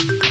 Thank you.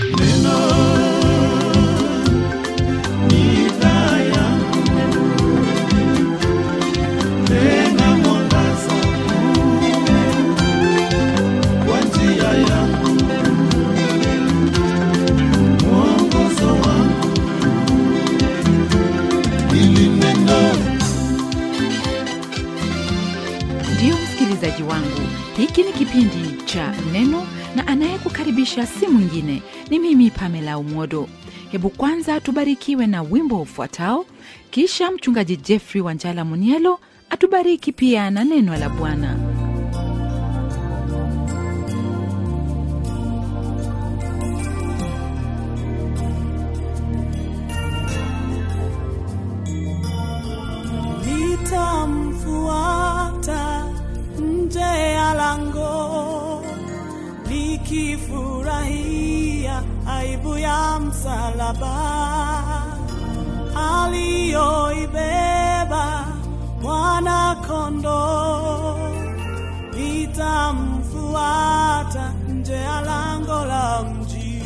nyingine Ni mimi Pamela Umodo. Hebu kwanza tubarikiwe na wimbo ufuatao, kisha mchungaji Jeffrey Wanjala Munielo atubariki pia na neno la Bwana. msalaba aliyoibeba mwana kondoo, nitamfuata nje ya lango la mji,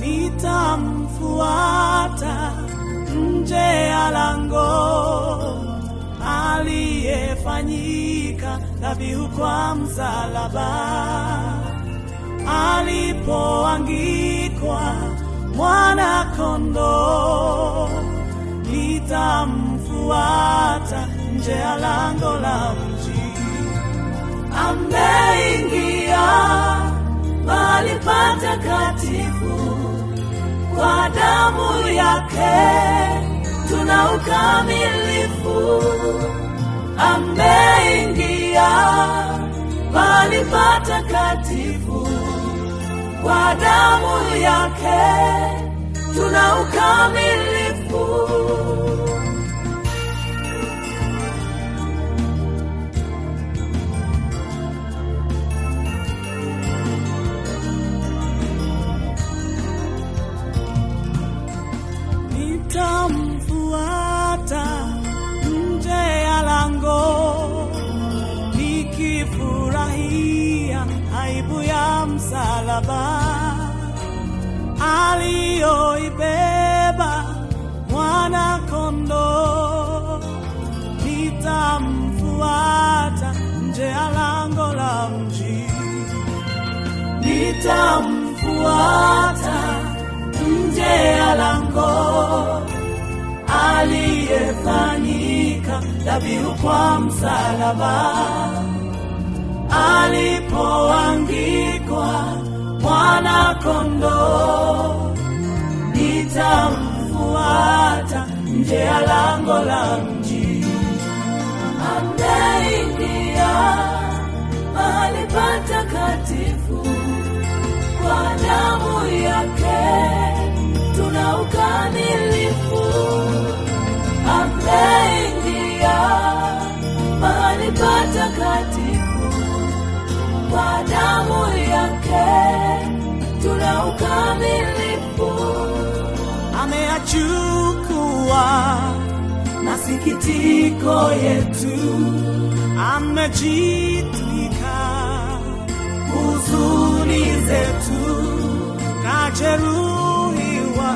nitamfuata nje ya lango, aliyefanyika dhabihu kwa msalaba alipoangikwa mwana kondoo litamfuata nje ya lango la mji. Ameingia mahali patakatifu kwa damu yake tuna ukamilifu. Ameingia mahali patakatifu kwa damu yake tuna ukamilifu aliyoibeba mwana kondoo, nitamfuata nje ya lango la mji, nitamfuata nje ya lango, aliyefanyika dhabihu kwa msalaba, alipoangikwa mwana kondoo, nitamfuata nje ya lango la mji. Ameingia mahali patakatifu kwa damu yake tuna ukamilifu. Ameingia mahali patakatifu kwa damu yake wake tuna ukamilifu. Ameachukua masikitiko yetu, amejitwika huzuni zetu, kajeruhiwa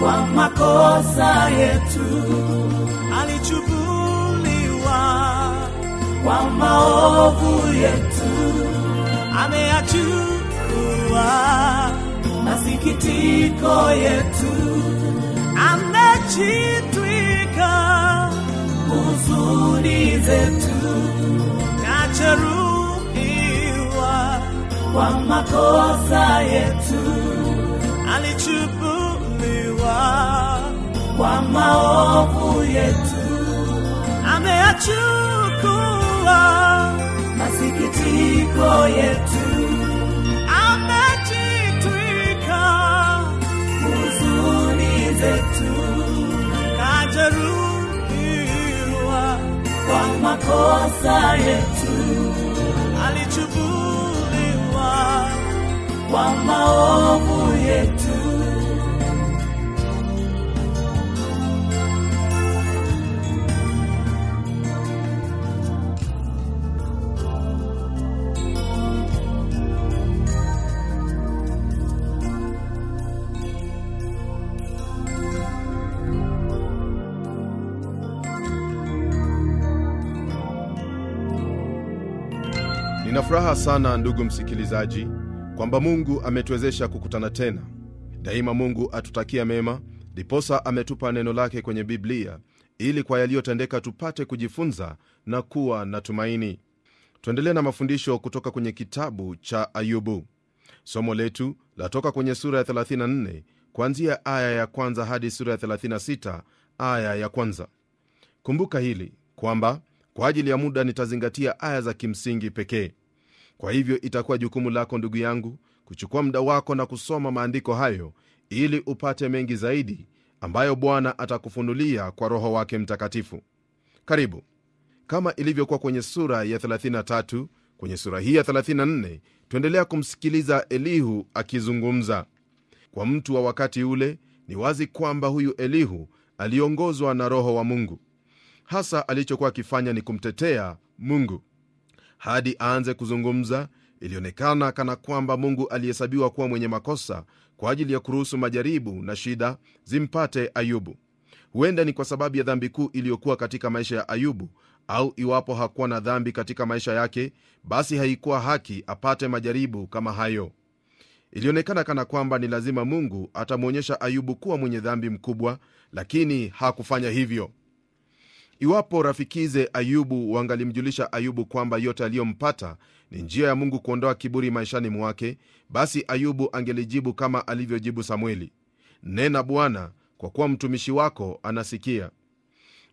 kwa makosa yetu, alichukuliwa kwa maovu yetu ameachukua masikitiko yetu, amechitwika huzuni zetu, kajeruhiwa kwa makosa yetu, alichubuliwa kwa maovu yetu, ameachukua masikitiko yetu Furaha sana ndugu msikilizaji, kwamba Mungu ametuwezesha kukutana tena. Daima Mungu atutakia mema, diposa ametupa neno lake kwenye Biblia ili kwa yaliyotendeka tupate kujifunza na kuwa na tumaini. Tuendelee na mafundisho kutoka kwenye kitabu cha Ayubu. Somo letu latoka kwenye sura ya 34 kuanzia aya ya kwanza hadi sura ya 36 aya ya kwanza. Kumbuka hili kwamba kwa ajili ya muda nitazingatia aya za kimsingi pekee. Kwa hivyo itakuwa jukumu lako ndugu yangu kuchukua muda wako na kusoma maandiko hayo ili upate mengi zaidi ambayo Bwana atakufunulia kwa Roho wake Mtakatifu. Karibu. Kama ilivyokuwa kwenye sura ya 33, kwenye sura hii ya 34 tuendelea kumsikiliza Elihu akizungumza. Kwa mtu wa wakati ule, ni wazi kwamba huyu Elihu aliongozwa na Roho wa Mungu. Hasa alichokuwa akifanya ni kumtetea Mungu hadi aanze kuzungumza ilionekana kana kwamba mungu alihesabiwa kuwa mwenye makosa kwa ajili ya kuruhusu majaribu na shida zimpate ayubu huenda ni kwa sababu ya dhambi kuu iliyokuwa katika maisha ya ayubu au iwapo hakuwa na dhambi katika maisha yake basi haikuwa haki apate majaribu kama hayo ilionekana kana kwamba ni lazima mungu atamwonyesha ayubu kuwa mwenye dhambi mkubwa lakini hakufanya hivyo Iwapo rafikize Ayubu wangalimjulisha Ayubu kwamba yote aliyompata ni njia ya Mungu kuondoa kiburi maishani mwake, basi Ayubu angelijibu kama alivyojibu Samweli, nena Bwana, kwa kuwa mtumishi wako anasikia.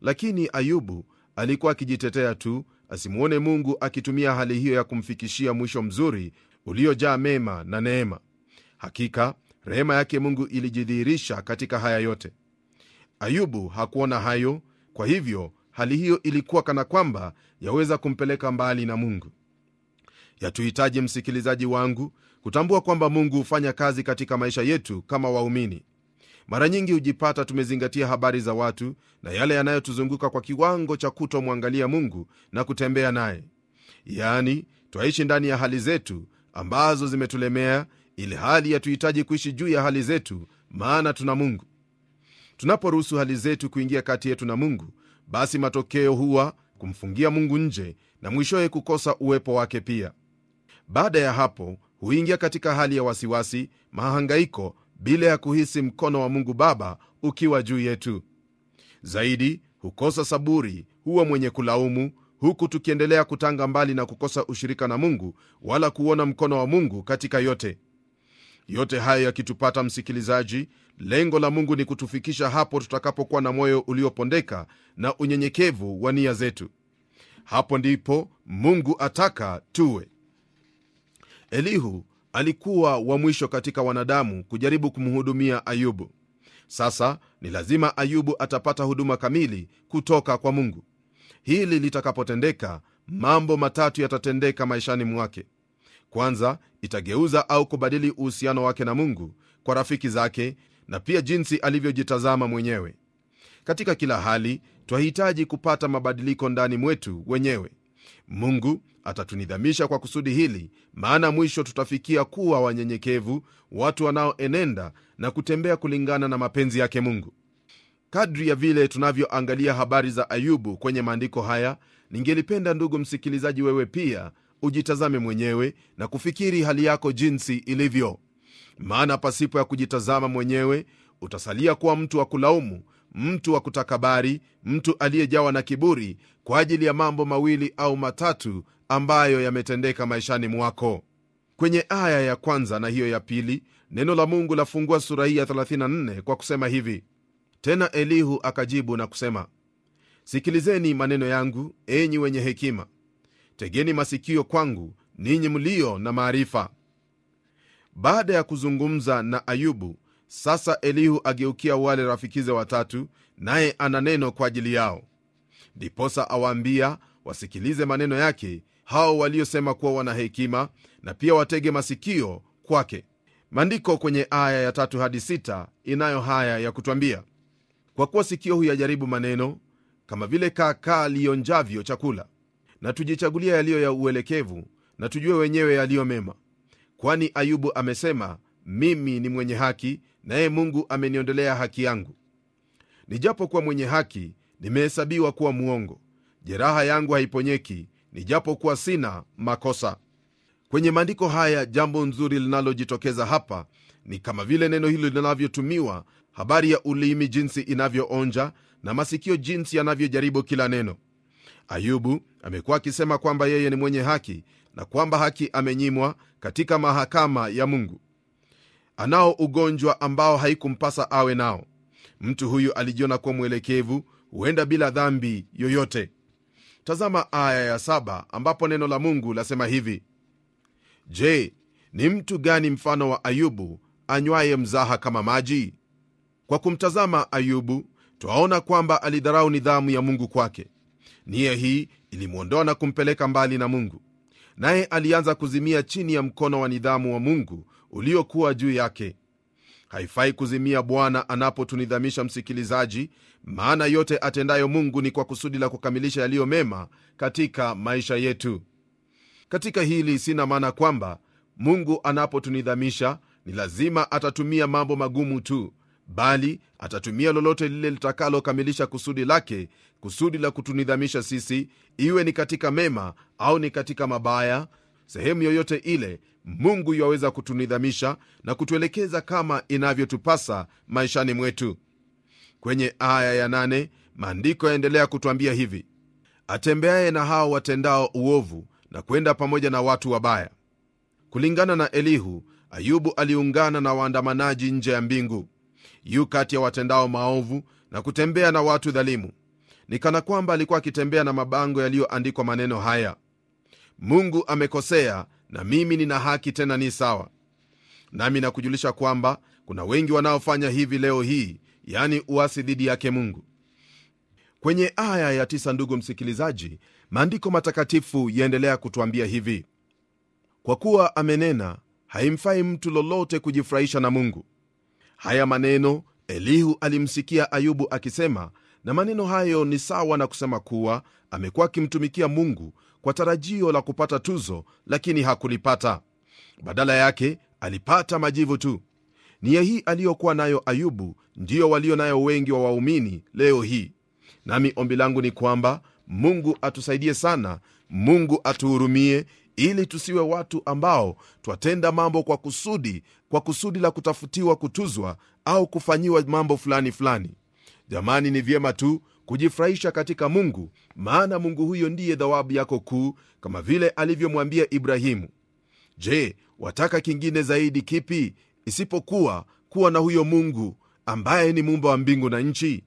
Lakini Ayubu alikuwa akijitetea tu, asimwone Mungu akitumia hali hiyo ya kumfikishia mwisho mzuri uliojaa mema na neema. Hakika rehema yake Mungu ilijidhihirisha katika haya yote. Ayubu hakuona hayo kwa hivyo hali hiyo ilikuwa kana kwamba yaweza kumpeleka mbali na mungu yatuhitaji msikilizaji wangu kutambua kwamba mungu hufanya kazi katika maisha yetu kama waumini mara nyingi hujipata tumezingatia habari za watu na yale yanayotuzunguka kwa kiwango cha kutomwangalia mungu na kutembea naye yaani twaishi ndani ya hali zetu ambazo zimetulemea ili hali yatuhitaji kuishi juu ya hali zetu maana tuna mungu Tunaporuhusu hali zetu kuingia kati yetu na Mungu, basi matokeo huwa kumfungia Mungu nje na mwishoye kukosa uwepo wake pia. Baada ya hapo huingia katika hali ya wasiwasi, mahangaiko, bila ya kuhisi mkono wa Mungu Baba ukiwa juu yetu. Zaidi hukosa saburi, huwa mwenye kulaumu, huku tukiendelea kutanga mbali na kukosa ushirika na Mungu wala kuona mkono wa Mungu katika yote. Yote haya yakitupata, msikilizaji, lengo la Mungu ni kutufikisha hapo tutakapokuwa na moyo uliopondeka na unyenyekevu wa nia zetu. Hapo ndipo Mungu ataka tuwe. Elihu alikuwa wa mwisho katika wanadamu kujaribu kumhudumia Ayubu. Sasa ni lazima Ayubu atapata huduma kamili kutoka kwa Mungu. Hili litakapotendeka, mambo matatu yatatendeka maishani mwake. Kwanza itageuza au kubadili uhusiano wake na Mungu, kwa rafiki zake na pia jinsi alivyojitazama mwenyewe. Katika kila hali twahitaji kupata mabadiliko ndani mwetu wenyewe. Mungu atatunidhamisha kwa kusudi hili, maana mwisho tutafikia kuwa wanyenyekevu, watu wanaoenenda na kutembea kulingana na mapenzi yake Mungu. Kadri ya vile tunavyoangalia habari za Ayubu kwenye maandiko haya, ningelipenda ndugu msikilizaji, wewe pia ujitazame mwenyewe na kufikiri hali yako jinsi ilivyo, maana pasipo ya kujitazama mwenyewe utasalia kuwa mtu wa kulaumu, mtu wa kutakabari, mtu aliyejawa na kiburi kwa ajili ya mambo mawili au matatu ambayo yametendeka maishani mwako. Kwenye aya ya kwanza na hiyo ya pili, neno la Mungu lafungua sura hii ya 34 kwa kusema hivi: tena Elihu akajibu na kusema, sikilizeni maneno yangu, enyi wenye hekima tegeni masikio kwangu ninyi mlio na maarifa. Baada ya kuzungumza na Ayubu, sasa Elihu ageukia wale rafikize watatu, naye ana neno kwa ajili yao. Ndiposa awaambia wasikilize maneno yake hao waliosema kuwa wana hekima, na pia watege masikio kwake. Maandiko kwenye aya ya tatu hadi sita inayo haya ya kutwambia: kwa kuwa sikio huyajaribu maneno, kama vile kaakaa lionjavyo chakula, na tujichagulia yaliyo ya uelekevu na tujue wenyewe yaliyo mema kwani ayubu amesema mimi ni mwenye haki naye mungu ameniondolea haki yangu nijapokuwa mwenye haki nimehesabiwa kuwa mwongo jeraha yangu haiponyeki nijapokuwa sina makosa kwenye maandiko haya jambo nzuri linalojitokeza hapa ni kama vile neno hilo linavyotumiwa habari ya ulimi jinsi inavyoonja na masikio jinsi yanavyojaribu kila neno Ayubu amekuwa akisema kwamba yeye ni mwenye haki na kwamba haki amenyimwa katika mahakama ya Mungu. Anao ugonjwa ambao haikumpasa awe nao. Mtu huyu alijiona kuwa mwelekevu, huenda bila dhambi yoyote. Tazama aya ya saba ambapo neno la Mungu lasema hivi: Je, ni mtu gani mfano wa Ayubu anywaye mzaha kama maji? Kwa kumtazama Ayubu twaona kwamba alidharau nidhamu ya Mungu kwake nia hii ilimwondoa na kumpeleka mbali na mungu naye alianza kuzimia chini ya mkono wa nidhamu wa mungu uliokuwa juu yake haifai kuzimia bwana anapotunidhamisha msikilizaji maana yote atendayo mungu ni kwa kusudi la kukamilisha yaliyo mema katika maisha yetu katika hili sina maana kwamba mungu anapotunidhamisha ni lazima atatumia mambo magumu tu bali atatumia lolote lile litakalokamilisha kusudi lake kusudi la kutunidhamisha sisi iwe ni katika mema au ni katika mabaya sehemu yoyote ile mungu yuaweza kutunidhamisha na kutuelekeza kama inavyotupasa maishani mwetu kwenye aya ya nane, maandiko yaendelea kutwambia hivi atembeaye na hao watendao uovu na kwenda pamoja na watu wabaya kulingana na elihu ayubu aliungana na waandamanaji nje ya mbingu yu kati ya watendao maovu na kutembea na watu dhalimu ni kana kwamba alikuwa akitembea na mabango yaliyoandikwa maneno haya mungu amekosea na mimi nina haki tena ni sawa nami nakujulisha kwamba kuna wengi wanaofanya hivi leo hii yani uasi dhidi yake mungu kwenye aya ya tisa ndugu msikilizaji maandiko matakatifu yaendelea kutwambia hivi kwa kuwa amenena haimfai mtu lolote kujifurahisha na mungu haya maneno elihu alimsikia ayubu akisema na maneno hayo ni sawa na kusema kuwa amekuwa akimtumikia mungu kwa tarajio la kupata tuzo lakini hakulipata badala yake alipata majivu tu niye hii aliyokuwa nayo ayubu ndiyo walio nayo wengi wa waumini leo hii nami ombi langu ni kwamba mungu atusaidie sana mungu atuhurumie ili tusiwe watu ambao twatenda mambo kwa kusudi kwa kusudi la kutafutiwa kutuzwa au kufanyiwa mambo fulani fulani jamani ni vyema tu kujifurahisha katika mungu maana mungu huyo ndiye dhawabu yako kuu kama vile alivyomwambia ibrahimu je wataka kingine zaidi kipi isipokuwa kuwa na huyo mungu ambaye ni mumba wa mbingu na nchi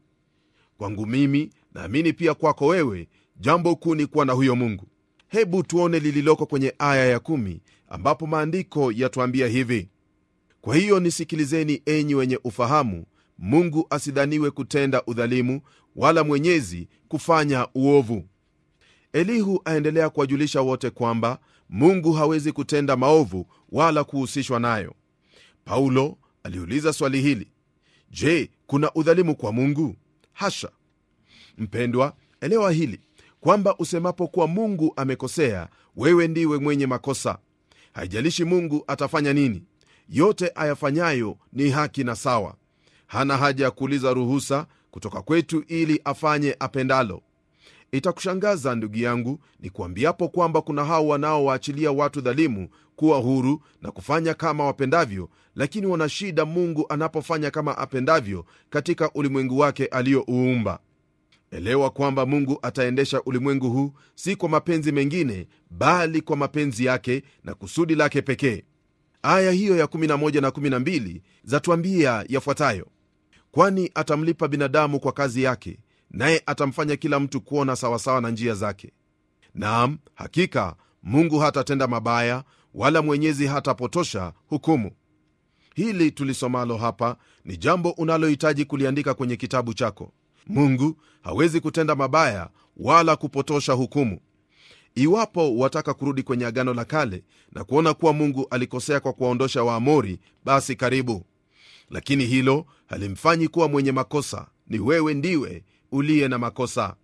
kwangu mimi naamini pia kwako wewe jambo kuu ni kuwa na huyo mungu hebu tuone lililoko kwenye aya ya 1 ambapo maandiko yatuambia hivi: kwa hiyo nisikilizeni enyi wenye ufahamu, Mungu asidhaniwe kutenda udhalimu, wala Mwenyezi kufanya uovu. Elihu aendelea kuwajulisha wote kwamba Mungu hawezi kutenda maovu wala kuhusishwa nayo. Paulo aliuliza swali hili, je, kuna udhalimu kwa Mungu? Hasha! Mpendwa, elewa hili kwamba usemapo kuwa mungu amekosea wewe ndiwe mwenye makosa haijalishi mungu atafanya nini yote ayafanyayo ni haki na sawa hana haja ya kuuliza ruhusa kutoka kwetu ili afanye apendalo itakushangaza ndugu yangu ni kuambiapo kwamba kuna hao wanaowaachilia watu dhalimu kuwa huru na kufanya kama wapendavyo lakini wana shida mungu anapofanya kama apendavyo katika ulimwengu wake aliyouumba Elewa kwamba Mungu ataendesha ulimwengu huu si kwa mapenzi mengine, bali kwa mapenzi yake na kusudi lake pekee. Aya hiyo ya 11 na 12 zatuambia yafuatayo: kwani atamlipa binadamu kwa kazi yake, naye atamfanya kila mtu kuona sawasawa na njia zake. Naam, hakika Mungu hatatenda mabaya, wala Mwenyezi hatapotosha hukumu. Hili tulisomalo hapa ni jambo unalohitaji kuliandika kwenye kitabu chako mungu hawezi kutenda mabaya wala kupotosha hukumu iwapo wataka kurudi kwenye agano la kale na kuona kuwa mungu alikosea kwa kuwaondosha waamori basi karibu lakini hilo halimfanyi kuwa mwenye makosa ni wewe ndiwe uliye na makosa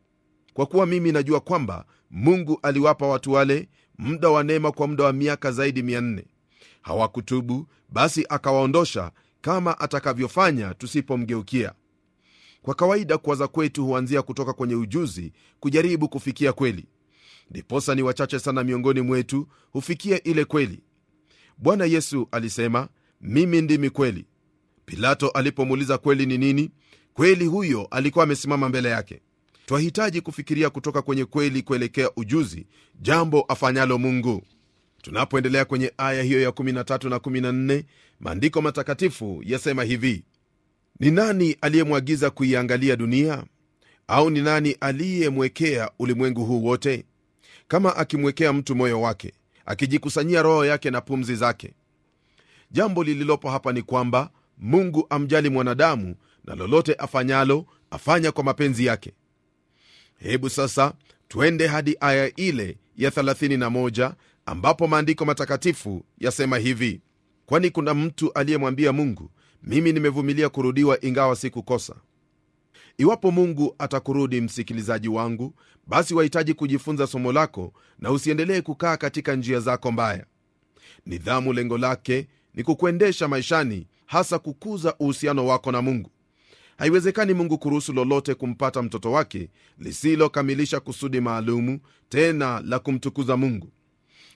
kwa kuwa mimi najua kwamba mungu aliwapa watu wale muda wa neema kwa muda wa miaka zaidi 400 hawakutubu basi akawaondosha kama atakavyofanya tusipomgeukia kwa kawaida kuwaza kwetu huanzia kutoka kwenye ujuzi kujaribu kufikia kweli ndiposa ni wachache sana miongoni mwetu hufikia ile kweli bwana yesu alisema mimi ndimi kweli pilato alipomuuliza kweli ni nini kweli huyo alikuwa amesimama mbele yake twahitaji kufikiria kutoka kwenye kweli kuelekea ujuzi jambo afanyalo mungu tunapoendelea kwenye aya hiyo ya 13 na 14 maandiko matakatifu yasema hivi ni nani aliyemwagiza kuiangalia dunia? Au ni nani aliyemwekea ulimwengu huu wote? Kama akimwekea mtu moyo wake, akijikusanyia roho yake na pumzi zake. Jambo lililopo hapa ni kwamba Mungu amjali mwanadamu, na lolote afanyalo afanya kwa mapenzi yake. Hebu sasa twende hadi aya ile ya 31 ambapo maandiko matakatifu yasema hivi: kwani kuna mtu aliyemwambia Mungu, mimi nimevumilia kurudiwa ingawa sikukosa iwapo mungu atakurudi msikilizaji wangu basi wahitaji kujifunza somo lako na usiendelee kukaa katika njia zako mbaya nidhamu lengo lake ni kukuendesha maishani hasa kukuza uhusiano wako na mungu haiwezekani mungu kuruhusu lolote kumpata mtoto wake lisilokamilisha kusudi maalumu tena la kumtukuza mungu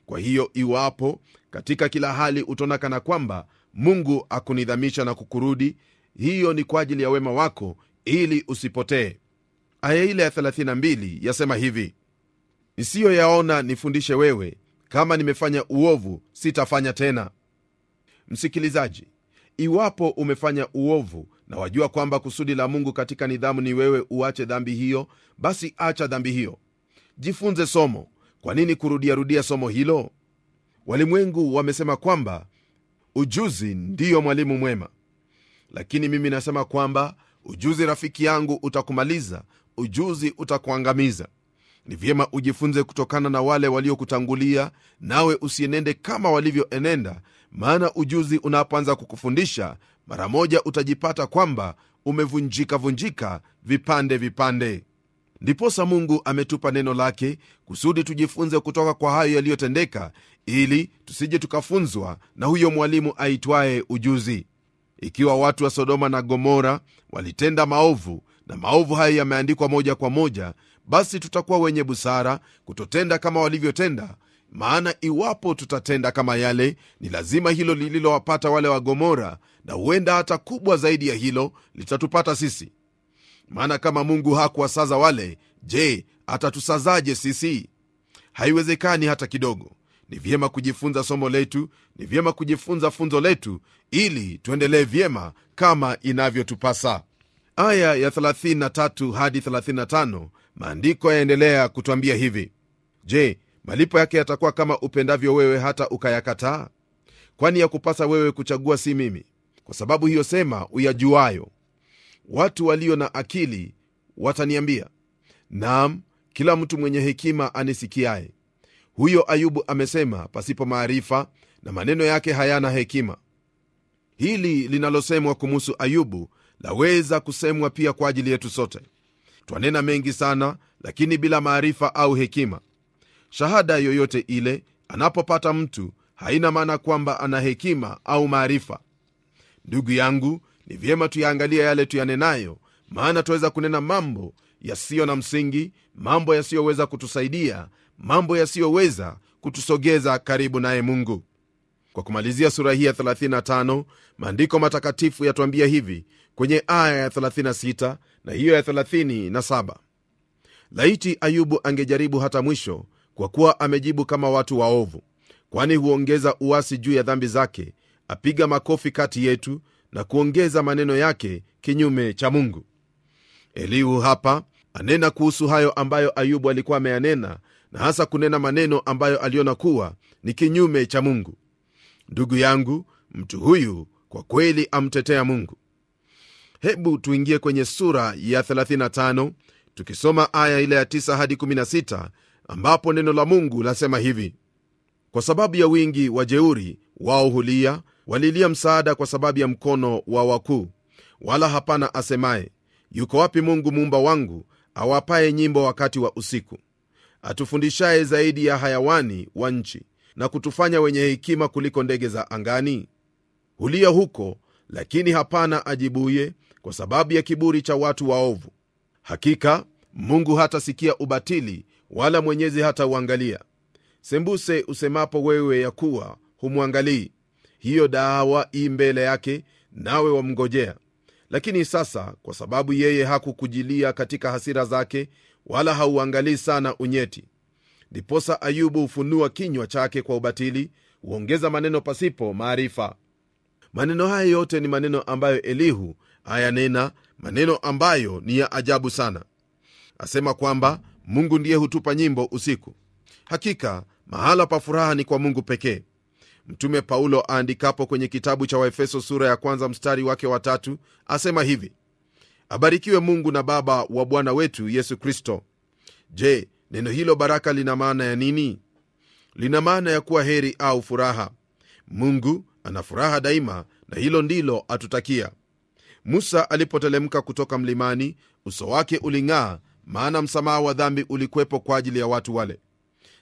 kwa hiyo iwapo katika kila hali utaona kwamba mungu akunidhamisha na kukurudi hiyo ni kwa ajili ya wema wako ili usipotee aya ile ya 32 yasema hivi nisiyoyaona nifundishe wewe kama nimefanya uovu sitafanya tena msikilizaji iwapo umefanya uovu na wajua kwamba kusudi la mungu katika nidhamu ni wewe uache dhambi hiyo basi acha dhambi hiyo jifunze somo kwa nini kurudiarudia somo hilo walimwengu wamesema kwamba ujuzi ndiyo mwalimu mwema lakini mimi nasema kwamba ujuzi rafiki yangu utakumaliza ujuzi utakuangamiza ni vyema ujifunze kutokana na wale waliokutangulia nawe usienende kama walivyoenenda maana ujuzi unapoanza kukufundisha mara moja utajipata kwamba umevunjikavunjika vipande vipande ndiposa mungu ametupa neno lake kusudi tujifunze kutoka kwa hayo yaliyotendeka ili tusije tukafunzwa na huyo mwalimu aitwaye ujuzi ikiwa watu wa sodoma na gomora walitenda maovu na maovu hayo yameandikwa moja kwa moja basi tutakuwa wenye busara kutotenda kama walivyotenda maana iwapo tutatenda kama yale ni lazima hilo lililowapata wale wa gomora na huenda hata kubwa zaidi ya hilo litatupata sisi maana kama mungu hakuwasaza wale je atatusazaje sisi haiwezekani hata kidogo ni vyema kujifunza somo letu ni vyema kujifunza funzo letu ili tuendelee vyema kama inavyotupasa aya ya 33 hadi 35 maandiko yaendelea kutwambia hivi je malipo yake yatakuwa kama upendavyo wewe hata ukayakataa kwani yakupasa wewe kuchagua si mimi kwa sababu hiyo sema uyajuayo watu walio na akili wataniambia nam kila mtu mwenye hekima anisikiaye huyo ayubu amesema pasipo maarifa na maneno yake hayana hekima hili linalosemwa kumuhusu ayubu laweza kusemwa pia kwa ajili yetu sote twanena mengi sana lakini bila maarifa au hekima shahada yoyote ile anapopata mtu haina maana kwamba ana hekima au maarifa ndugu yangu ni vyema tuyaangalie yale tuyanenayo maana tuweza kunena mambo yasiyo na msingi mambo yasiyoweza kutusaidia mambo yasiyoweza kutusogeza karibu naye mungu kwa kumalizia sura hii ya 35 maandiko matakatifu yatuambia hivi kwenye aya ya 36 na hiyo ya 37 laiti ayubu angejaribu hata mwisho kwa kuwa amejibu kama watu waovu kwani huongeza uasi juu ya dhambi zake apiga makofi kati yetu na kuongeza maneno yake kinyume cha Mungu. Elihu hapa anena kuhusu hayo ambayo Ayubu alikuwa ameyanena, na hasa kunena maneno ambayo aliona kuwa ni kinyume cha Mungu. Ndugu yangu, mtu huyu kwa kweli amtetea Mungu. Hebu tuingie kwenye sura ya 35 tukisoma aya ile ya 9 hadi 16, ambapo neno la Mungu lasema hivi: kwa sababu ya wingi wa jeuri wao hulia walilia msaada kwa sababu ya mkono wa wakuu, wala hapana asemaye, yuko wapi Mungu muumba wangu, awapaye nyimbo wakati wa usiku, atufundishaye zaidi ya hayawani wa nchi, na kutufanya wenye hekima kuliko ndege za angani? Hulia huko, lakini hapana ajibuye, kwa sababu ya kiburi cha watu waovu. Hakika Mungu hatasikia ubatili, wala Mwenyezi hatauangalia. Sembuse usemapo wewe ya kuwa humwangalii hiyo dawa ii mbele yake nawe wamngojea lakini sasa kwa sababu yeye hakukujilia katika hasira zake wala hauangalii sana unyeti ndiposa ayubu hufunua kinywa chake kwa ubatili huongeza maneno pasipo maarifa maneno haya yote ni maneno ambayo elihu ayanena maneno ambayo ni ya ajabu sana asema kwamba mungu ndiye hutupa nyimbo usiku hakika mahala pa furaha ni kwa mungu pekee Mtume Paulo aandikapo kwenye kitabu cha Waefeso sura ya kwanza mstari wake watatu asema hivi: abarikiwe Mungu na Baba wa Bwana wetu Yesu Kristo. Je, neno hilo baraka lina maana ya nini? Lina maana ya kuwa heri au furaha. Mungu ana furaha daima, na hilo ndilo atutakia. Musa alipotelemka kutoka mlimani, uso wake uling'aa, maana msamaha wa dhambi ulikwepo kwa ajili ya watu wale.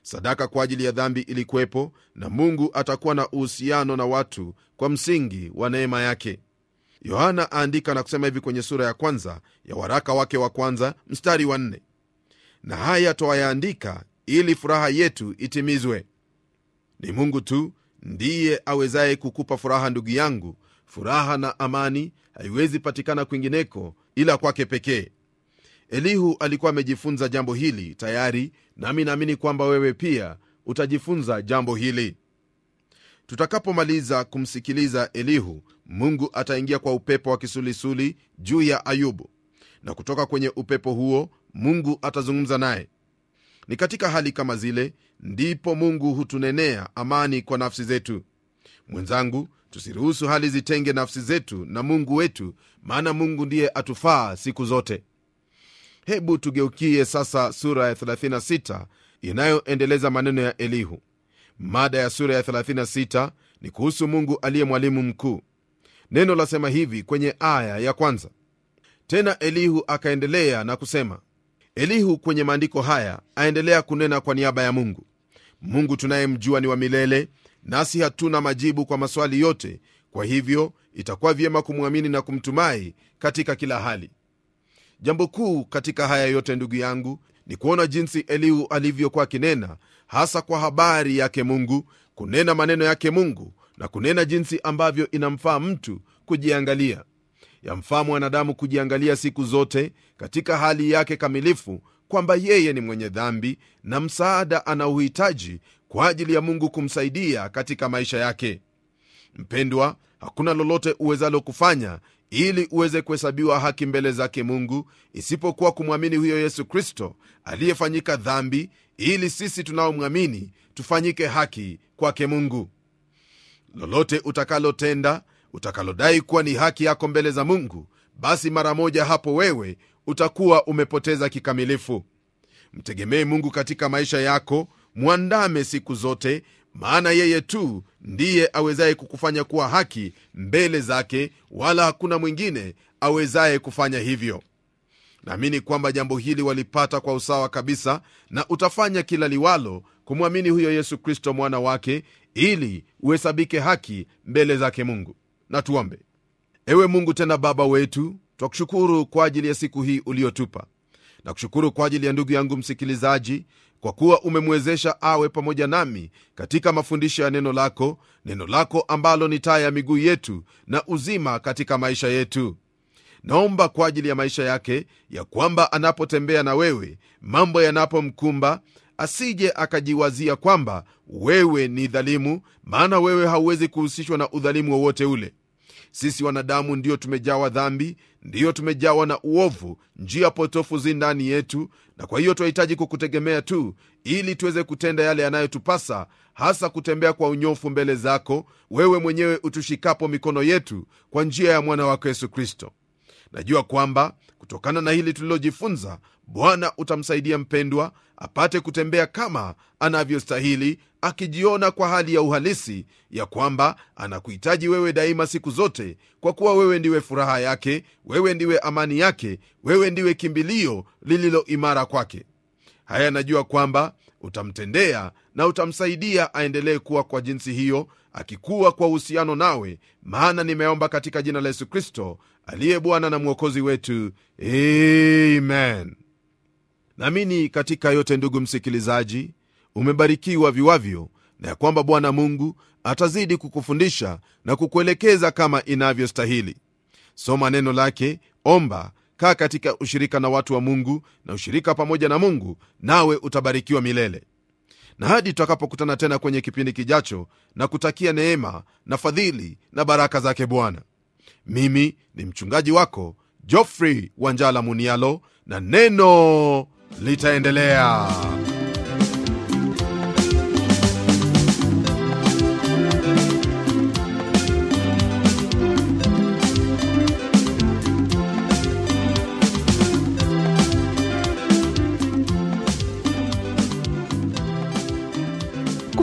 Sadaka kwa ajili ya dhambi ilikuwepo, na Mungu atakuwa na uhusiano na watu kwa msingi wa neema yake. Yohana aandika na kusema hivi kwenye sura ya kwanza ya waraka wake wa kwanza mstari wa nne, na haya twayaandika ili furaha yetu itimizwe. Ni Mungu tu ndiye awezaye kukupa furaha, ndugu yangu. Furaha na amani haiwezi patikana kwingineko ila kwake pekee. Elihu alikuwa amejifunza jambo hili tayari, nami naamini kwamba wewe pia utajifunza jambo hili. Tutakapomaliza kumsikiliza Elihu, Mungu ataingia kwa upepo wa kisulisuli juu ya Ayubu, na kutoka kwenye upepo huo Mungu atazungumza naye. Ni katika hali kama zile ndipo Mungu hutunenea amani kwa nafsi zetu. Mwenzangu, tusiruhusu hali zitenge nafsi zetu na Mungu wetu, maana Mungu ndiye atufaa siku zote hebu tugeukie sasa sura ya 36 inayoendeleza maneno ya elihu mada ya sura ya 36 ni kuhusu mungu aliye mwalimu mkuu neno lasema hivi kwenye aya ya kwanza tena elihu akaendelea na kusema elihu kwenye maandiko haya aendelea kunena kwa niaba ya mungu mungu tunayemjua ni wa milele nasi hatuna majibu kwa maswali yote kwa hivyo itakuwa vyema kumwamini na kumtumai katika kila hali jambo kuu katika haya yote ndugu yangu ni kuona jinsi elihu alivyokuwa akinena hasa kwa habari yake mungu kunena maneno yake mungu na kunena jinsi ambavyo inamfaa mtu kujiangalia yamfaa mwanadamu kujiangalia siku zote katika hali yake kamilifu kwamba yeye ni mwenye dhambi na msaada ana uhitaji kwa ajili ya mungu kumsaidia katika maisha yake mpendwa hakuna lolote uwezalo kufanya ili uweze kuhesabiwa haki mbele zake mungu isipokuwa kumwamini huyo yesu kristo aliyefanyika dhambi ili sisi tunaomwamini tufanyike haki kwake mungu lolote utakalotenda utakalodai kuwa ni haki yako mbele za mungu basi mara moja hapo wewe utakuwa umepoteza kikamilifu mtegemee mungu katika maisha yako mwandame siku zote maana yeye tu ndiye awezaye kukufanya kuwa haki mbele zake wala hakuna mwingine awezaye kufanya hivyo naamini kwamba jambo hili walipata kwa usawa kabisa na utafanya kila liwalo kumwamini huyo yesu kristo mwana wake ili uhesabike haki mbele zake mungu na tuombe ewe mungu tena baba wetu twakushukuru kwa ajili ya siku hii uliotupa na kushukuru kwa ajili ya ndugu yangu msikilizaji kwa kuwa umemwezesha awe pamoja nami katika mafundisho ya neno lako, neno lako ambalo ni taa ya miguu yetu na uzima katika maisha yetu. Naomba kwa ajili ya maisha yake, ya kwamba anapotembea na wewe, mambo yanapomkumba asije akajiwazia kwamba wewe ni dhalimu, maana wewe hauwezi kuhusishwa na udhalimu wowote ule sisi wanadamu ndiyo tumejawa dhambi ndiyo tumejawa na uovu njia potofu zi ndani yetu na kwa hiyo twahitaji kukutegemea tu ili tuweze kutenda yale yanayotupasa hasa kutembea kwa unyofu mbele zako wewe mwenyewe utushikapo mikono yetu kwa njia ya mwana wako yesu kristo najua kwamba kutokana na hili tulilojifunza bwana utamsaidia mpendwa apate kutembea kama anavyostahili akijiona kwa hali ya uhalisi ya kwamba anakuhitaji wewe daima siku zote kwa kuwa wewe ndiwe furaha yake wewe ndiwe amani yake wewe ndiwe kimbilio lililo imara kwake haya najua kwamba utamtendea na utamsaidia aendelee kuwa kwa jinsi hiyo akikuwa kwa uhusiano nawe maana nimeomba katika jina la yesu kristo aliye bwana na mwokozi wetu men naamini katika yote ndugu msikilizaji umebarikiwa viwavyo na ya kwamba bwana mungu atazidi kukufundisha na kukuelekeza kama inavyostahili soma neno lake omba kaa katika ushirika na watu wa Mungu na ushirika pamoja na Mungu, nawe utabarikiwa milele. Na hadi tutakapokutana tena kwenye kipindi kijacho, na kutakia neema na fadhili na baraka zake Bwana. Mimi ni mchungaji wako jofrey Wanjala Munialo, na neno litaendelea.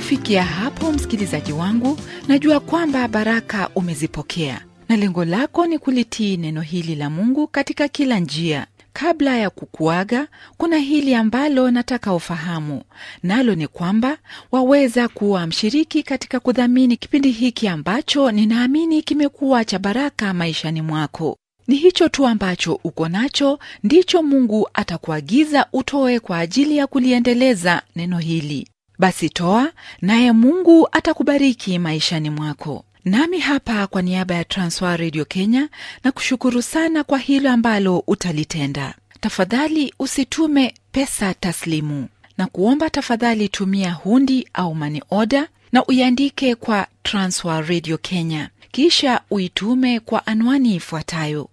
Kufikia hapo, msikilizaji wangu, najua kwamba baraka umezipokea na lengo lako ni kulitii neno hili la Mungu katika kila njia. Kabla ya kukuaga, kuna hili ambalo nataka ufahamu, nalo ni kwamba waweza kuwa mshiriki katika kudhamini kipindi hiki ambacho ninaamini kimekuwa cha baraka maishani mwako. Ni hicho tu ambacho uko nacho ndicho Mungu atakuagiza utoe kwa ajili ya kuliendeleza neno hili basi toa, naye Mungu atakubariki maishani mwako. Nami hapa kwa niaba ya Transwa Redio Kenya na kushukuru sana kwa hilo ambalo utalitenda. Tafadhali usitume pesa taslimu na kuomba, tafadhali tumia hundi au mani oda na uiandike kwa Transwa Radio Kenya, kisha uitume kwa anwani ifuatayo: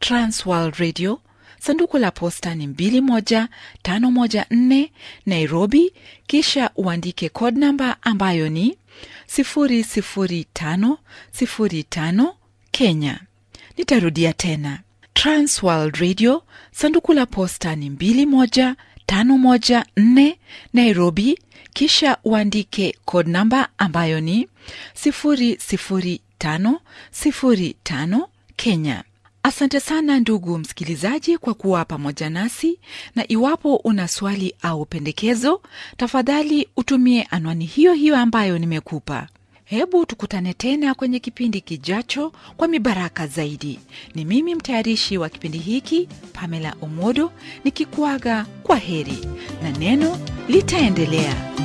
Transworld Radio, sanduku la posta ni 21514 Nairobi, kisha uandike code namba ambayo ni 00505 Kenya. Nitarudia tena, Transworld Radio, sanduku la posta ni 21514 Nairobi, kisha uandike code namba ambayo ni 00505 Kenya. Asante sana ndugu msikilizaji kwa kuwa pamoja nasi, na iwapo una swali au pendekezo, tafadhali utumie anwani hiyo hiyo ambayo nimekupa. Hebu tukutane tena kwenye kipindi kijacho kwa mibaraka zaidi. Ni mimi mtayarishi wa kipindi hiki Pamela Omodo nikikuaga kwa heri, na neno litaendelea.